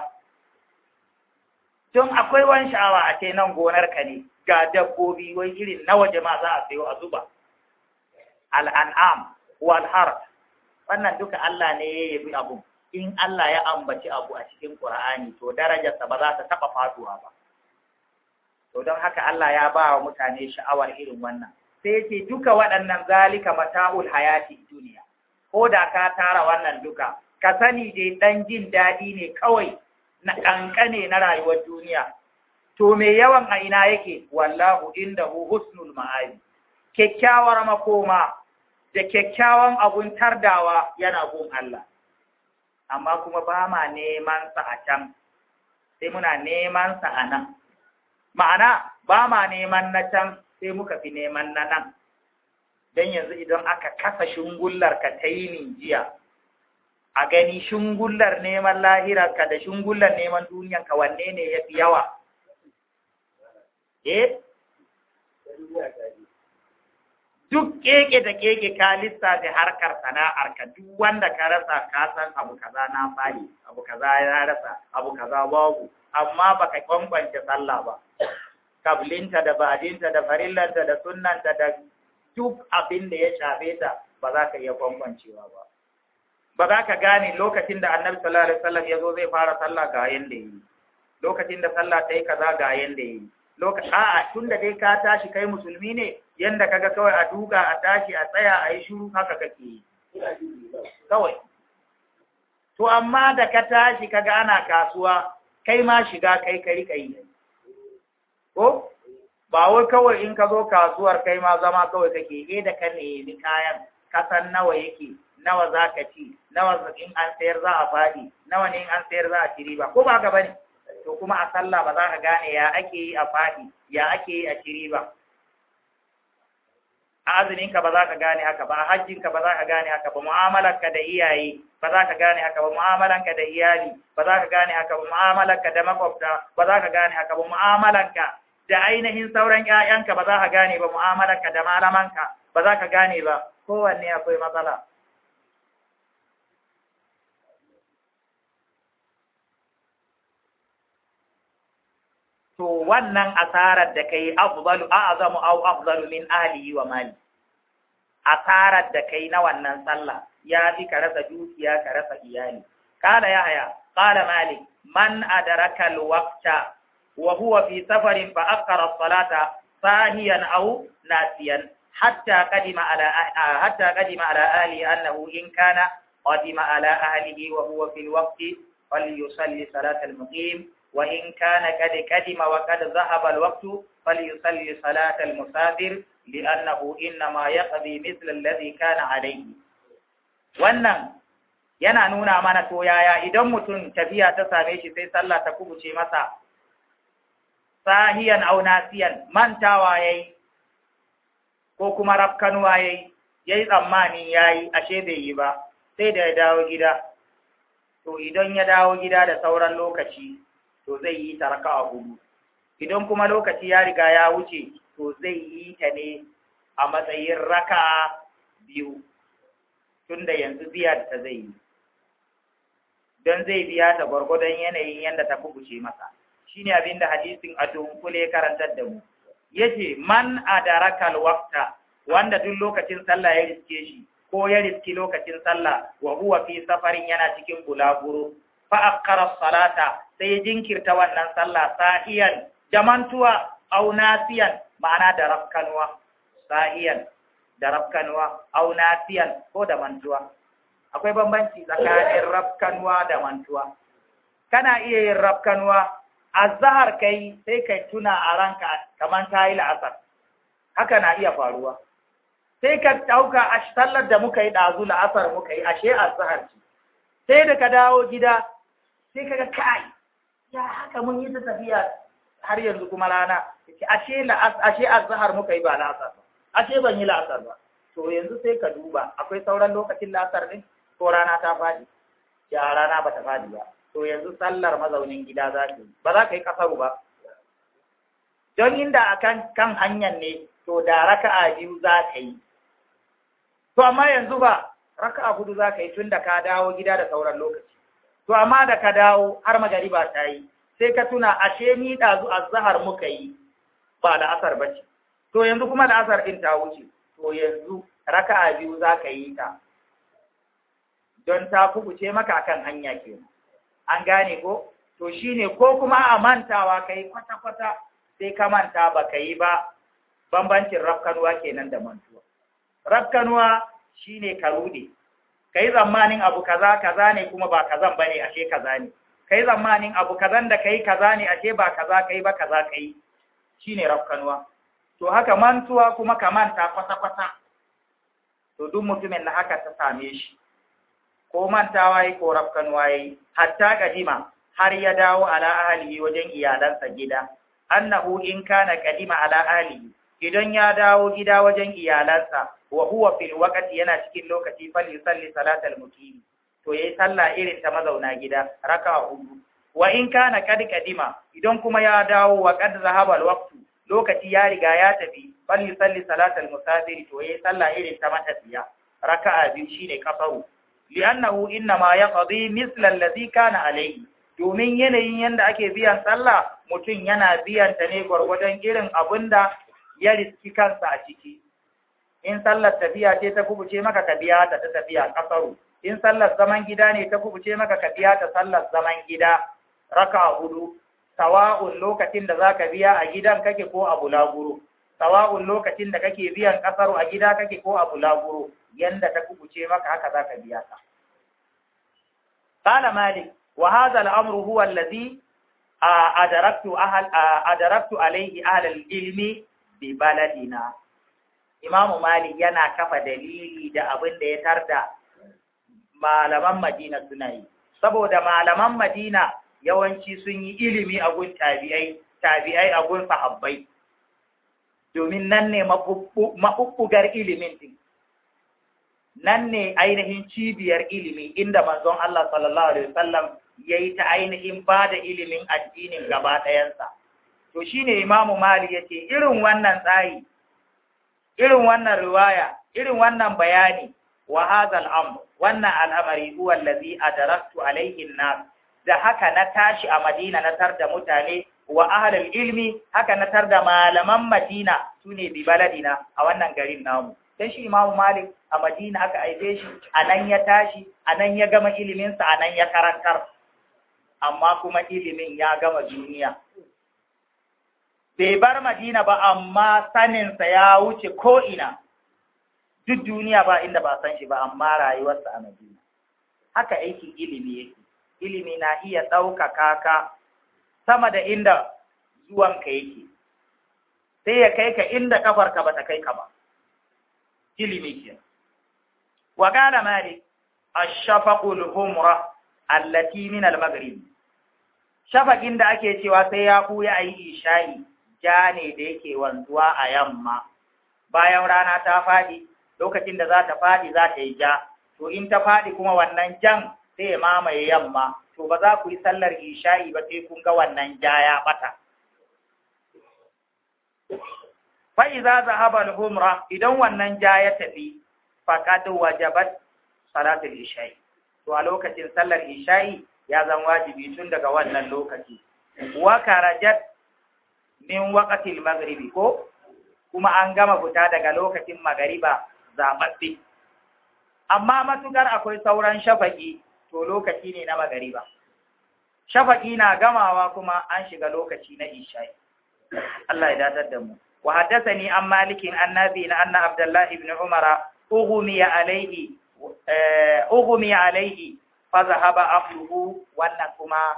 tun akwai wani sha'awa a ce nan gonar ka ne ga dabbobi wai irin nawa jama'a za a sayo a zuba al'an'am wal har wannan duka Allah ne ya yabi abu. in Allah ya ambaci abu a cikin Qur'ani to darajarsa ba za ta taba faduwa ba to don haka Allah ya ba wa mutane sha'awar irin wannan sai ce duka waɗannan zalika mata'ul hayati duniya ko da ka tara wannan duka ka sani dai ɗan jin daɗi ne kawai na kankane na rayuwar duniya to me yawan a ina yake wallahu indahu husnul ma'ali kyakkyawar makoma da kyakkyawan abun tardawa yana gun Allah amma kuma ba ma neman sa a can sai muna neman sa a nan ma'ana ba ma neman na can sai muka fi neman na nan don yanzu idan aka kasa shungullar ka ta yi jiya a gani shungullar neman lahirarka da shungullar neman duniyanka wanne ne ya fi yawa eh? duk keke da keke ka lissafi harkar sana'arka duk wanda ka rasa ka san abu kaza na fari abu kaza ya rasa abu kaza babu amma baka kwankwance sallah ba kablinta da badinta da farillanta da sunnanta da duk abin da ya shafe ta ba za ka iya bambancewa ba ba za ka gane lokacin da annabi sallallahu alaihi wasallam ya zo zai fara sallah ga yanda yi lokacin da sallah ta yi kaza ga yanda yi a'a tun da dai ka tashi kai musulmi ne yanda kaga kawai a duka a tashi a tsaya a yi shiru haka kake yi kawai to amma da ka tashi kaga ana kasuwa kai ma shiga kai kari kai ko ba wai kawai in ka zo kasuwar kai ma zama kawai kake ke, eh da ka nemi kayan kasan nawa yake nawa za ka ci nawa in an sayar za a faɗi nawa ne in an sayar za a ci ba ko ba gaba ne to kuma a sallah ba za ka gane ya ake yi a faɗi ya ake yi a ci ba a ka ba za ka gane haka ba a hajjinka ba za ka gane haka ba ka da iyaye ba za ka gane haka ba ka da iyali ba za ka gane haka ba ka da makwabta ba za ka gane haka ba ka da ainihin sauran ‘ya'yanka ba za ka gane ba mu'amalarka da malamanka ba za ka gane ba kowanne akwai matsala. To wannan asarar da ka yi afzalu a azamu au afzalu min alihi wa mali. Asarar da ka yi na wannan sallah ya fi ka rasa dukiya ka rasa iyali. Kala ya haya, kala mali. man adaraka waqta wa huwa fi safarin fa aqara salata sahiyan aw nasiyan hatta qadima ala hatta qadima ala ahli annahu in kana qadima ala ahlihi wa huwa fil waqti falyusalli salata al-muqim wa in kana qad qadima wa qad dhahaba al-waqtu falyusalli salata al-musafir li'annahu innama yaqdi mithla alladhi kana alayhi wannan yana nuna mana to yaya idan mutum tafiya ta same shi sai sallah ta kubuce masa sahiyan aw nasiyan mantawa yayi ko kuma rafkanuwa yayi yayi tsammani yayi ashe bai yi ba sai da ya dawo gida to idan ya dawo gida da sauran lokaci to zai yi ta raka'a hudu idan kuma lokaci ya riga ya wuce to zai yi ta ne a matsayin raka biyu tunda yanzu biya ta zai yi don zai biya ta gwargwadon yanayin yadda ta kubuce masa shine abin da hadisin a dunkule karantar da mu yace man adarakal waqta wanda duk lokacin sallah ya riske shi ko ya riski lokacin sallah wa huwa fi safarin yana cikin bulaguro fa akkara salata sai ya jinkirta wannan sallah sahiyan jamantuwa au nasiyan ma'ana da rafkanwa sahiyan da rafkanwa au nasiyan ko da mantuwa akwai bambanci tsakanin rafkanwa da mantuwa kana iya yin rafkanuwa azahar kai sai kai tuna a ranka kamar ta yi la'asar haka na iya faruwa sai ka ɗauka a sallar da muka yi ɗazu la'asar muka yi ashe azahar ce sai da ka dawo gida sai ka ga kai ya haka mun yi ta tafiya har yanzu kuma rana ashe ashe azahar muka yi ba la'asar ba ashe ban yi la'asar ba to yanzu sai ka duba akwai sauran lokacin la'asar ne ko rana ta faɗi ya rana ba ta faɗi ba to yanzu sallar mazaunin gida za ta yi ba za ka yi ƙasaru ba don inda a kan hanyar ne to da raka'a biyu za ka yi to amma yanzu ba raka'a hudu za ka yi tun da ka dawo gida da sauran lokaci to amma da ka dawo har magariba ta yi sai ka tuna ashe ni ɗazu azahar muka yi ba da asar ba ce to yanzu kuma da asar ɗin ta wuce to yanzu raka'a biyu za ka yi ta don ta kubuce maka akan hanya kenan an gane ko to shine ko kuma a mantawa kai kwata kwata sai ka manta baka yi ba bambancin rafkanuwa kenan da mantuwa rafkanuwa shine ka rude kai zamanin abu kaza kaza ne kuma ba kazan bane ashe kaza ne kai zamanin abu kazan da kai kaza ne ashe ba kaza kai ba kaza kai shine rafkanuwa to haka mantuwa kuma ka manta kwata kwata to duk mutumin da haka ta same shi ko mantawa yi ko waye? hatta kadima har ya dawo ala ahlihi wajen iyalansa gida annahu in kana kadima ala ahlihi idan ya dawo gida wajen iyalansa wa huwa fil waqti yana cikin lokaci fal yusalli salatal muqim to yayi sallah irin ta mazauna gida raka'a hudu wa in kana kad kadima idan kuma ya dawo wa kad zahaba al waqtu lokaci ya riga ya tafi fal yusalli salatal musafir to yayi sallah irin ta matafiya raka'a biyu shine kafaru li'annahu innama yaqdi misla allazi kana alayhi domin yanayin yanda ake biyan sallah mutum yana biyan ta ne gwargwadon irin abinda ya riski kansa a ciki in sallar tafiya ce ta kubuce maka ka biya ta ta tafiya in sallar zaman gida ne ta kubuce maka ka biya ta sallar zaman gida raka hudu sawa'un lokacin da zaka biya a gidan kake ko a bulaguro sawa'un lokacin da kake biyan kasar a gida kake ko a bulaguro yanda ta kubuce maka haka za ka biya ka Kala malik wa hadha al-amru huwa alladhi adaraktu ahl adaraktu alayhi ahl al-ilmi bi baladina imam malik yana kafa dalili da abin da ya tarda malaman madina suna yi saboda malaman madina yawanci sun yi ilimi a gun tabi'ai tabi'ai a gun sahabbai domin nan ne maɓuɓɓugar ilimin din nan ne ainihin cibiyar ilimi inda manzon Allah sallallahu alaihi wasallam yayi ta ainihin ba da ilimin addinin gaba ɗayansa to shine imamu mali yace irin wannan tsari irin wannan riwaya irin wannan bayani wa hadha wannan al'amari huwa allazi adarastu alaihi nas da haka na tashi a Madina na tar da mutane wa ahlul ilmi haka na tarda malaman Madina sune bi baladina a wannan garin namu sai shi Imam Malik a Madina aka aibe shi anan ya tashi anan ya gama ilimin sa anan ya karantar amma kuma ilimin ya gama duniya bai bar Madina ba amma saninsa ya wuce ko ina duk duniya ba inda ba san shi ba amma rayuwarsa a Madina haka aikin ilimi yake ilimi na iya ɗaukaka ka sama da inda zuwanka yake sai ya kai ka inda kafarka ba ta kai ka ba ilimi ke wa qala malik ash-shafaqul humra allati min al-maghrib shafaqin da ake cewa sai ya ku ya yi isha'i ja ne da yake wanzuwa a yamma bayan rana ta faɗi, lokacin da za ta fadi za ta yi ja to in ta faɗi kuma wannan jan sai ya mamaye yamma to ba za ku yi sallar isha'i ba sai kun ga wannan jaya bata fa idza zahaba al-umra idan wannan jaya tafi faqad wajabat al isha'i to a lokacin sallar isha'i ya zan wajibi tun daga wannan lokaci wa karajat min waqtil maghribi ko kuma an gama fita daga lokacin magariba zababbe amma matukar akwai sauran shafaki to lokaci ne na magariba shafaƙi na gamawa kuma an shiga lokaci na isha'i Allah ya datar da mu wa haddathani an malikin annabi na anna abdullah ibn umara ugu alayhi eh, ughmiya alayhi fa zahaba afluhu wannan kuma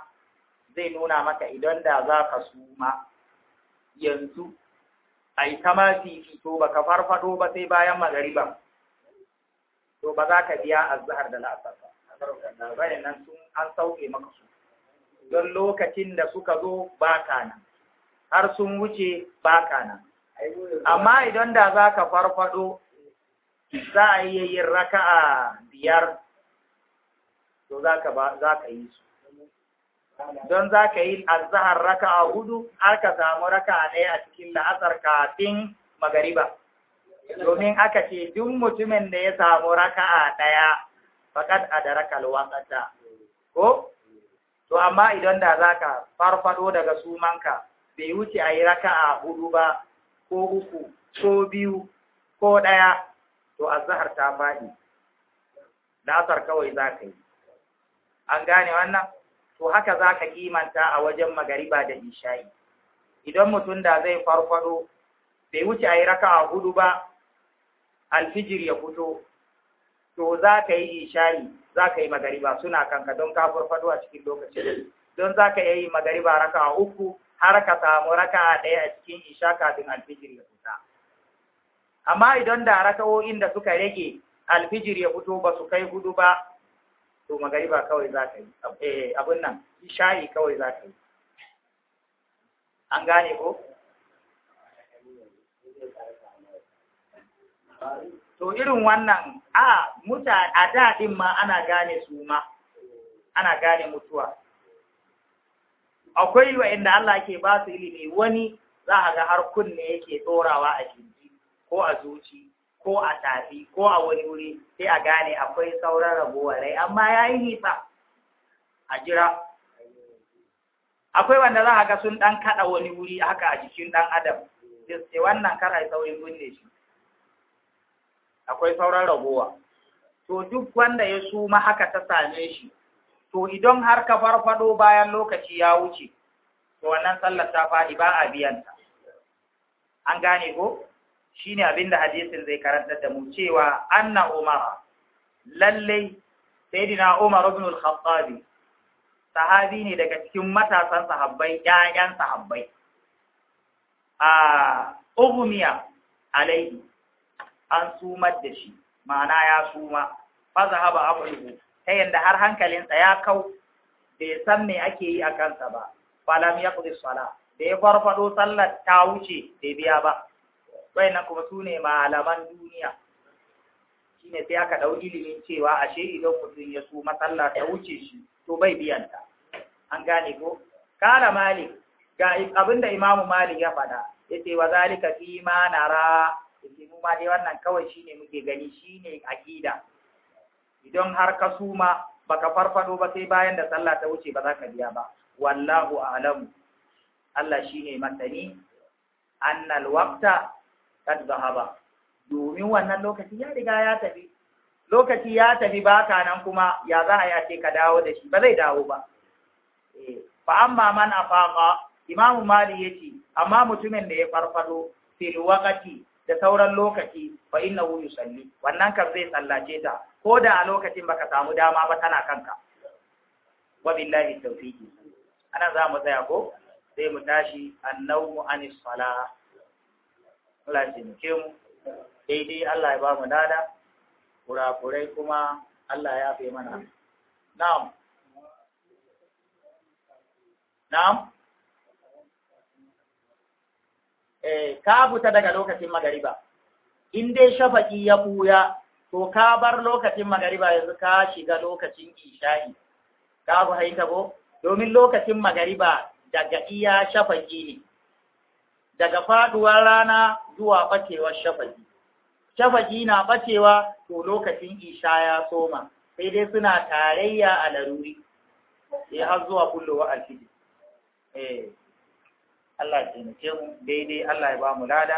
zai nuna maka idan da za suma yanzu ai kama to baka farfado ba sai bayan magariba to ba za ka biya azhar da la'asar bayan nan sun an sauke maka su don lokacin da suka zo ba ka har sun wuce ba ka amma idan da za ka farfado za a iya yin raka'a biyar to za ka yi su don za ka yi azahar raka'a hudu har ka samu raka'a ɗaya a cikin la'asar kafin magariba domin aka ce duk mutumin da ya samu raka'a ɗaya fakat adraka alwaqata ko to amma idan da zaka farfado daga sumanka bai wuce ayi raka'a hudu ba ko uku ko biyu ko daya to azhar ta fadi asar kawai zaka yi an gane wannan to haka zaka kimanta a wajen magariba da isha'i idan mutum da zai farfado bai wuce ayi raka'a hudu ba alfijir ya fito to za ka yi ishari, za ka yi magariba suna kanka don ka farfado a cikin lokaci don za ka yi magariba raka uku har ka samu raka ɗaya a cikin isha kafin alfijir ya fita amma idan da raka'o'in da suka rage alfijir ya fito ba su kai hudu ba to magariba kawai za ka yi eh, abin nan ishari kawai za ka yi an gane ko to irin wannan a muta a daɗin ma ana gane su ma ana gane mutuwa akwai inda Allah ke ba su ilimi wani za a ga har kunne yake tsorawa a jinji ko a zuci ko a tafi ko a wani wuri sai a gane akwai sauran ragowar rai amma ya yi nisa a jira akwai wanda za a ga sun ɗan kaɗa wani wuri haka a jikin ɗan adam sai wannan kar kara saurin binne shi akwai sauran ragowa to duk wanda ya suma haka ta same shi to idan har ka farfado bayan lokaci ya wuce to wannan sallar ta faɗi ba a biyanta an gane ko shine abinda hadisin zai karanta da mu cewa anna umara lalle sayyidina umar ibn al sahabi ne daga cikin matasan sahabbai ƴaƴan sahabbai a ugumiya alaihi an sumar da shi ma'ana ya suma faza haba abubuwa ta yadda har hankalinsa ya kau bai san me ake yi a kansa ba falam ya kudi sala da ya farfado sallar ta wuce bai biya ba na kuma su ne malaman duniya shine sai aka ɗau ilimin cewa ashe idan mutum ya su sallar. ta wuce shi to bai biyanta an gane ko kala malik ga abinda imamu malik ya faɗa yace wa zalika fi ma nara yace mu ma dai wannan kawai shine muke gani shine aqida idan har ka suma baka farfado ba sai bayan da sallah ta wuce ba za ka biya ba wallahu a'lamu Allah shine matani annal waqta kad zahaba domin wannan lokaci ya riga ya tafi lokaci ya tafi baka nan kuma ya za a yace ka dawo da shi ba zai dawo ba eh, fa amma man afaqa imamu mali yace amma mutumin da ya farfado fil waqti da sauran lokaci fa innahu yusalli wannan kan zai sallace ta ko da a lokacin baka samu dama ba tana kanka wa billahi tawfiqi ana za mu tsaya ko sai mu tashi annahu anis sala Allah ya mu daidai Allah ya ba mu dada kurakurai kuma Allah ya fi mana na'am na'am Eh, ka fita daga lokacin magariba in dai shafaki ya buya to ka bar lokacin magariba yanzu ka shiga lokacin isha'i ka bu haita ko domin lokacin magariba daga iya shafaki ne daga faduwar rana zuwa bacewar shafaki shafaki na bacewa to lokacin isha ya soma sai dai suna tarayya a laruri sai har zuwa kullowa alfiji eh Allah ya taimake mu daidai Allah ya ba mu lada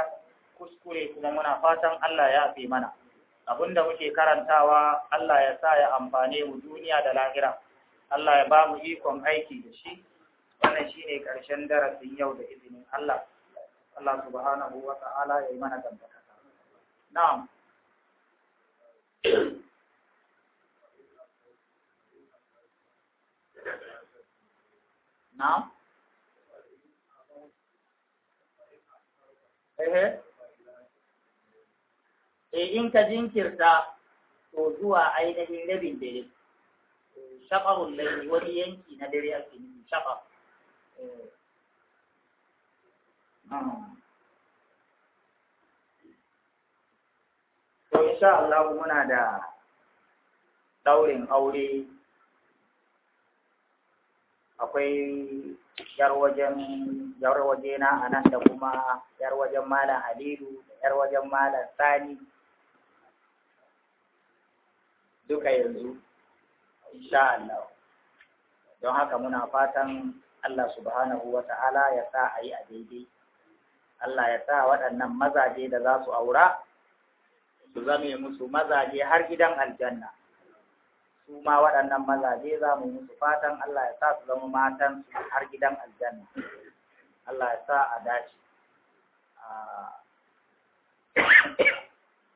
kuskure kuma muna fatan Allah ya fi mana abinda muke karantawa Allah ya sa ya amfane mu duniya da lahira Allah ya ba mu ikon aiki da shi wannan shine karshen darasin yau da izinin Allah Allah subhanahu wa ta'ala ya yi mana gambata na'am na'am E in ka jinkirta to zuwa ainihin rabin dare shaqarul layli wani yanki na dare ake nufi shaqar eh. to insha Allah muna da daurin aure akwai yar wajen yar wajena a nan da kuma yar wajen malam halilu da yar wajen malam sani duka yanzu insha Allah don haka muna fatan Allah subhanahu wa ta'ala ya sa a yi a daidai Allah ya sa waɗannan mazaje da za su aura su zame musu mazaje har gidan aljanna su ma waɗannan mazaje za mu musu fatan Allah ya sa su zama matan su har gidan aljanna Allah ya sa a dace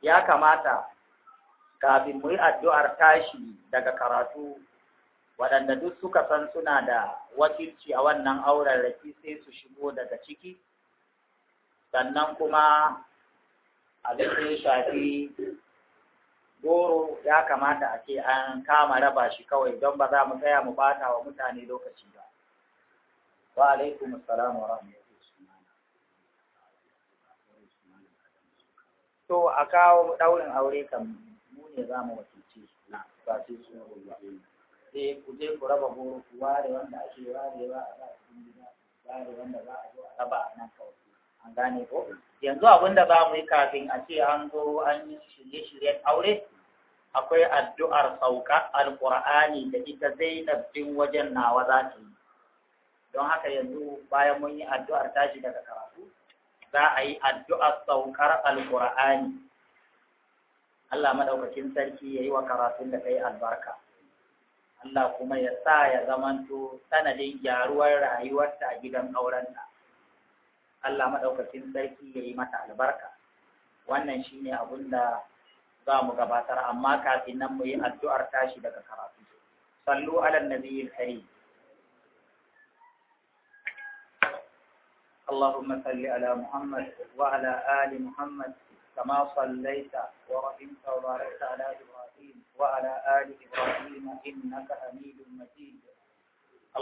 ya kamata kafin mu yi addu'ar tashi daga karatu waɗanda duk suka san suna da wakilci a wannan auren raki sai su shigo daga ciki sannan kuma abin da shafi goro ya kamata a ce an kama raba shi kawai don ba za mu tsaya mu bata wa mutane lokaci ba. Wa alaikum assalam wa To a kawo daurin aure kan mu ne za mu wakilce ba sai su ba. Sai eh, ku je ku raba goro ku ware wanda ake warewa a ba cikin gida, ware wanda za a zo a raba a nan kawai. an gane ko yanzu abin da za mu yi kafin a ce an zo an yi shirye-shiryen aure akwai addu'ar sauka alƙur'ani da ita zainab din wajen nawa za ta yi don haka yanzu bayan mun yi addu'ar tashi daga karatu za a yi addu'ar saukar alƙur'ani Allah maɗaukacin sarki ya yi wa karatun da kai albarka Allah kuma ya sa ya zamanto sanadin gyaruwar rayuwarta a gidan aurenta Allah madaukakin sarki yayi mata albarka wannan shine abun da za mu gabatar amma kafin nan mu yi addu'ar tashi daga karatu sallu ala nabiyil karim اللهم صل على محمد وعلى آل محمد كما صليت ورحمت وباركت على إبراهيم وعلى آل إبراهيم إنك حميد مجيد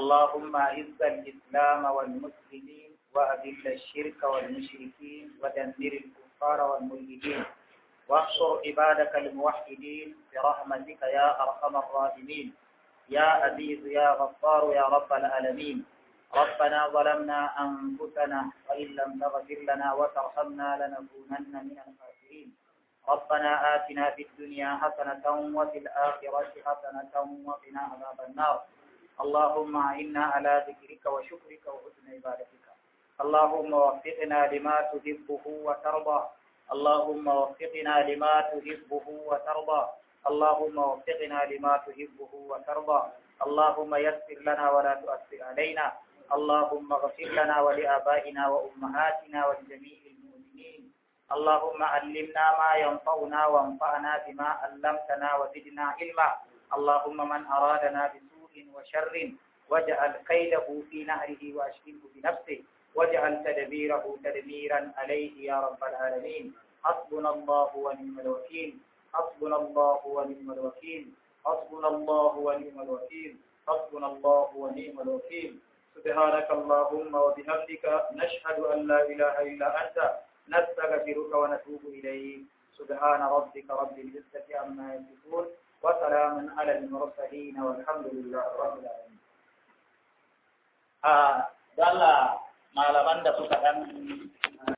اللهم أعز الإسلام والمسلمين وأذل الشرك والمشركين ودمر الكفار والملحدين واحشر عبادك الموحدين برحمتك يا أرحم الراحمين يا عزيز يا غفار يا رب العالمين ربنا ظلمنا أنفسنا وإن لم تغفر لنا وترحمنا لنكونن من الخاسرين ربنا آتنا في الدنيا حسنة وفي الآخرة حسنة وقنا عذاب النار اللهم إنا على ذكرك وشكرك وحسن عبادتك اللهم وفقنا لما تحبه وترضى اللهم وفقنا لما تحبه وترضى اللهم وفقنا لما تحبه وترضى اللهم يسر لنا ولا تؤثر علينا اللهم اغفر لنا ولآبائنا وأمهاتنا ولجميع المؤمنين اللهم علمنا ما ينفعنا وانفعنا بما علمتنا وزدنا علما اللهم من أرادنا بسوء وشر واجعل قيده في نهره وأشغله بنفسه واجعل تدبيره تدميرا عليه يا رب العالمين حسبنا الله ونعم الوكيل حسبنا الله ونعم الوكيل حسبنا الله ونعم الوكيل حسبنا الله ونعم الوكيل سبحانك اللهم وبحمدك نشهد أن لا إله إلا أنت نستغفرك ونتوب إليك سبحان ربك رب العزة عما يصفون وسلام على المرسلين والحمد لله رب العالمين. آه malam Anda pusatkan